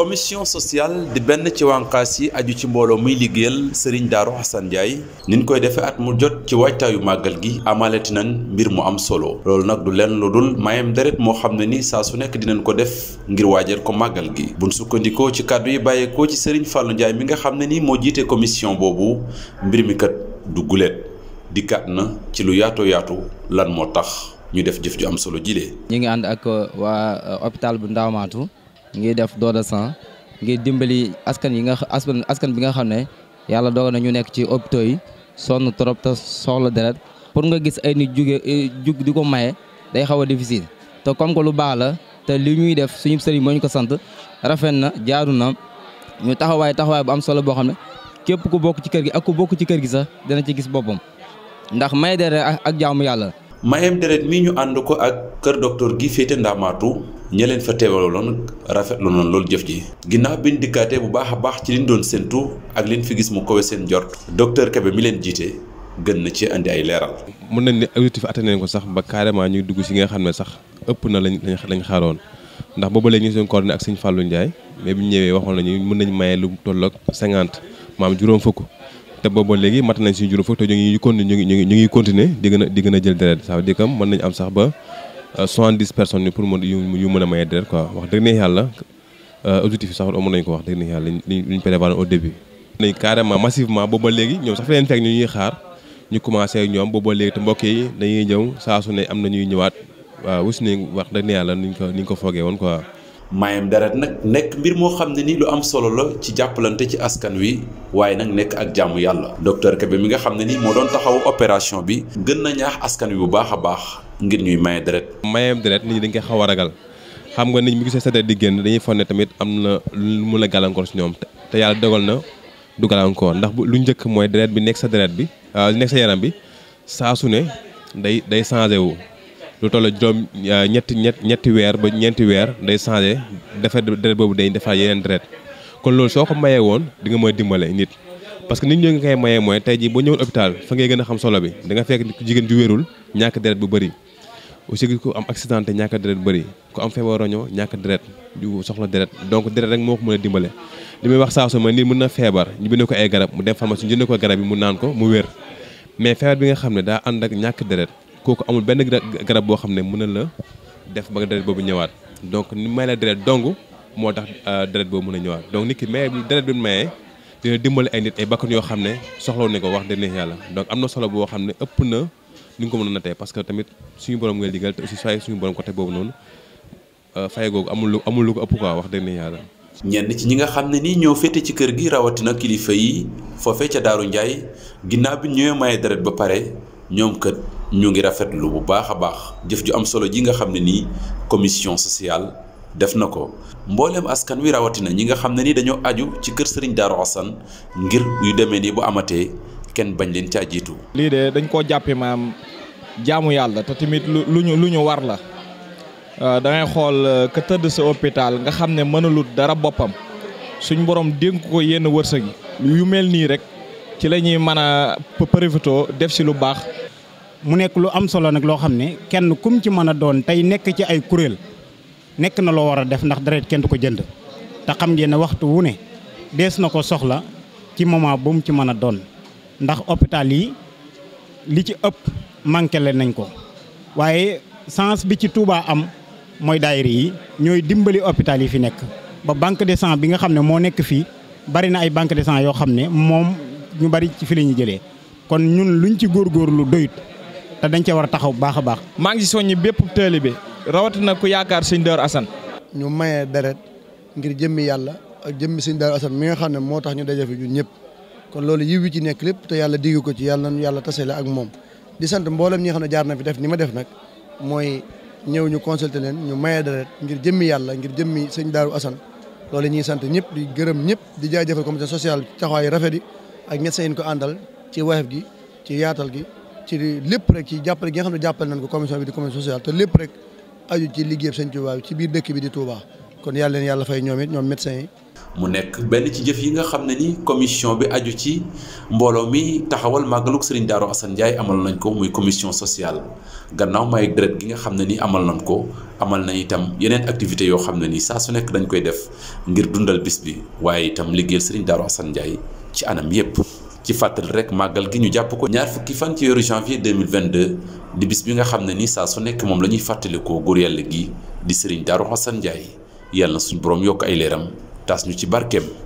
commission sociale di benn ci wànqaas yi aju ci mbooloo muy liggéeyal sëriñ Daaru Xasan Ndiaye niñ koy defee at mu jot ci waajtaayu màggal gi amaleti nañ mbir mu am solo loolu nag du leen lu dul mayem deret moo xam ne ni saa su nekk dinañ ko def ngir waajal ko màggal gi buñ sukkandikoo ci kàddu yi bàyyeekoo ci sëriñ Fallou Ndiaye mi nga xam ne ni moo jiite commission boobu mbir mi kat du guléet dikkaat na ci lu yaatoo yaatu lan moo tax ñu def jëf ju solo jilee ñu ngi ànd ak waa euh, hôpital bu Ndaamaatu ngir def don de sang ngir dimbali askan yi nga askan askan bi nga xam ne yàlla dogal na ñu nekk ci hôpitaux yi sonn trop te soxla deret pour nga gis ay nit juge jug di ko maye day xaw a difficile te comme que lu baax la te li ñuy def suñu sëriñ moo ko sant rafet na jaaru na ñu taxawaay taxawaay bu am solo boo xam ne képp ku bokk ci kër gi ak ku bokk ci kër gi sax dana ci gis boppam ndax may deret ak jaamu yàlla. mayem deret mii ñu ànd ko ak kër docteur gi féete Ndamaatu. ñi leen fa teewaloon rafetlu na loolu jëf ji. ginnaaw bi ñu dikkaatee bu baax a baax ci liñ doon seen séntu ak liñ fi gis mu kowe seen jort. docteur Kébé mi leen jiite gën na ci andi ay leeral. mën nañ ne objectif atteindre ko sax ba carrément ñu dugg si ngay xam ne sax ëpp na lañ lañ xaaroon ndax booba léegi ñu seen coordonné ak sëñ Fallou Ndiaye mais bi ñu ñëwee waxoon nañu mën nañ maye lu toll ak cinquante maam juróom fukk. te booba léegi mat nañ suñu juróom fukk te ñu ngi ñu ngi ñu ngi continuer di gën di gën a jël deret ça veut dire mën nañ am sax ba 70 euh, personnes yi pour mu yu mën a maye deret quoi wax dëgg ne yàlla euh, objectif yi sax amoon nañu ko wax dëgg ne yàlla liñ liñ prévoir au début. nañ carrément massivement booba léegi ñoom sax fi ñu xaar ñu commencé ak ñoom booba mbokk yi dañuy ñëw saa ne am na ñuy ñëwaat waaw nañ wax dëgg yàlla niñ ko niñ ko foogee woon quoi. maayam deret nag nekk mbir moo xam ne ni lu am solo la ci jàppalante ci askan wi waaye nag nekk ak jàmm yàlla. docteur Kébé mi nga xam ne ni moo doon taxaw opération bi gën na ñaax askan wi bu baax a baax. ngir ñuy maye deret mayeem deret nit ñi dañ koy xaw a ragal xam nga nit ñi bu gisee sa deret di génn dañuy fonne tamit am na lu mu la gàllankoor si ñoom te yàlla dogal na du gàllankoor ndax lu njëkk mooy deret bi nekk sa deret bi ah, nekk sa yaram bi saa su ne day day changé wu lu toll juróom ah, ñetti ñetti ñetti weer ba ñeenti weer day changé defar deret boobu day defar yeneen deret kon loolu soo ko mayee woon di nga mën dimbale nit parce que nit ñoo nga koy mayee mooy tey jii boo ñëwoon hôpital fa ngay gën a xam solo bi da nga fekk jigéen ju wérul ñàkk deret bu bëri aussi ko am accidenté ñàkk a deret bëri ku am feebar roño ñàkk deret du soxla deret donc deret rek moo ko mën a dimbale li may wax saa su ma nit mën na feebar ñu bind ko ay garab mu dem pharmacie ñu jënd ko garab yi mu naan ko mu wér mais feebar bi nga xam ne daa ànd ak ñàkk deret kooku amul benn garab boo xam ne mën na la def ba deret boobu ñëwaat donc ni may la deret dong moo tax euh, deret boobu mën a ñëwaat donc nit ki maye bi deret bi mayee dina dimbale ay nit yoo xam ne soxlaw ne ko wax dëgg yàlla donc am na solo boo xam ne ëpp na ni nga a nattee parce que tamit suñu borom ngay liggéeyal te aussi saa suñu euh, ko ëpp wax dëgg ne ñenn ci ñi nga xam ne nii ñoo fete ci kër gi rawatina kilifa yi foofee ca Daaru Njaay ginnaaw bi ñëwee maye deret ba pare ñoom kat ñu ngi rafetlu bu baax a baax jëf ju am solo ji nga xam ne nii commission sociale def na ko mbooleem askan wi rawatina ñi nga xam ne ni dañoo aju ci kër Serigne Darou Assane ngir yu demee nii bu amatee kenn bañ leen caa jiitu. lii de dañ koo jàppee maam jaamu yàlla te tamit lu ñu lu ñu war la euh, da ngay xool euh, ka tëdd sa hôpital nga xam ne mënalut dara boppam suñ borom dénk ko yenn wërsëg yi yu mel nii rek ci la ñuy mën a profitoo def si lu baax. mu nekk lu am solo nag loo xam ne kenn kum ci mën a doon tey nekk ci ay kuréel nekk na loo war a def ndax deret kenn du ko jënd te xam ngeen ne waxtu wu ne dees na ko soxla ci moment bu mu ci mën a doon ndax hôpital yi li ci ëpp. manqué leen nañ ko waaye sens bi ci Touba am mooy daayira yi ñooy dimbali hôpital yi fi nekk ba banque de sang bi nga xam ne moo nekk fii bari na ay banque de sang yoo xam ne moom ñu bari ci fi la ñu jëlee kon ñun luñ ci góor góorgóorlu doyut te dañ cee war a taxaw baax a baax. maa ngi si soññi bépp taalibe rawatina ku yaakaar sëñ Daaru Asan ñu maye deret ngir jëmmi yàlla ak jëmmi sëñ Daaru Asan mi nga xam ne moo tax ñu daje fi ñun ñëpp kon loolu yiw wi ci nekk lépp te yàlla digg ko ci yàlla nañu yàlla tase la ak moom. di sant mboolem ñi nga xam ne jaar na fi def ni ma def nag mooy ñëw ñu consulter leen ñu maye deret ngir jëmmi yàlla ngir jëmmi sëñ Daaru Assane loolu ñuy sant ñëpp di gërëm ñëpp di jaajëfal comité social taxawaay rafet yi ak médecin yi ko àndal ci wayef gi ci yaatal gi ci lépp rek ci jàppale gi nga xam ne jàppale nañ ko commission bi di commission sociale te lépp rek aju ci liggéeyam sëñ Touba ci biir dëkk bi di Touba kon yàlla leen yàlla fay ñoom it ñoom médecin yi mu nekk benn ci jëf yi nga xam ne ni commission bi aju ci mbooloo mi taxawal màggalug Serigne Darou Assane Ndiaye amal nañ ko muy commission sociale gannaaw may deret gi nga xam ne ni amal nañ ko amal nañ itam yeneen activités yoo xam ne ni saa su nekk dañ koy def ngir dundal bis bi waaye itam liggéeyal Serigne Darou Assane Ndiaye ci anam yépp ci fàttali rek màggal gi ñu jàpp ko ñaar fukki fan ci weeru janvier 2022 di bis bi nga xam ne ni saa su nekk moom la ñuy fàttalikoo góor yàlla gi di Serigne Darou Assane Ndiaye yàlla suñu borom yokk ay leeram tas ñu ci barkeem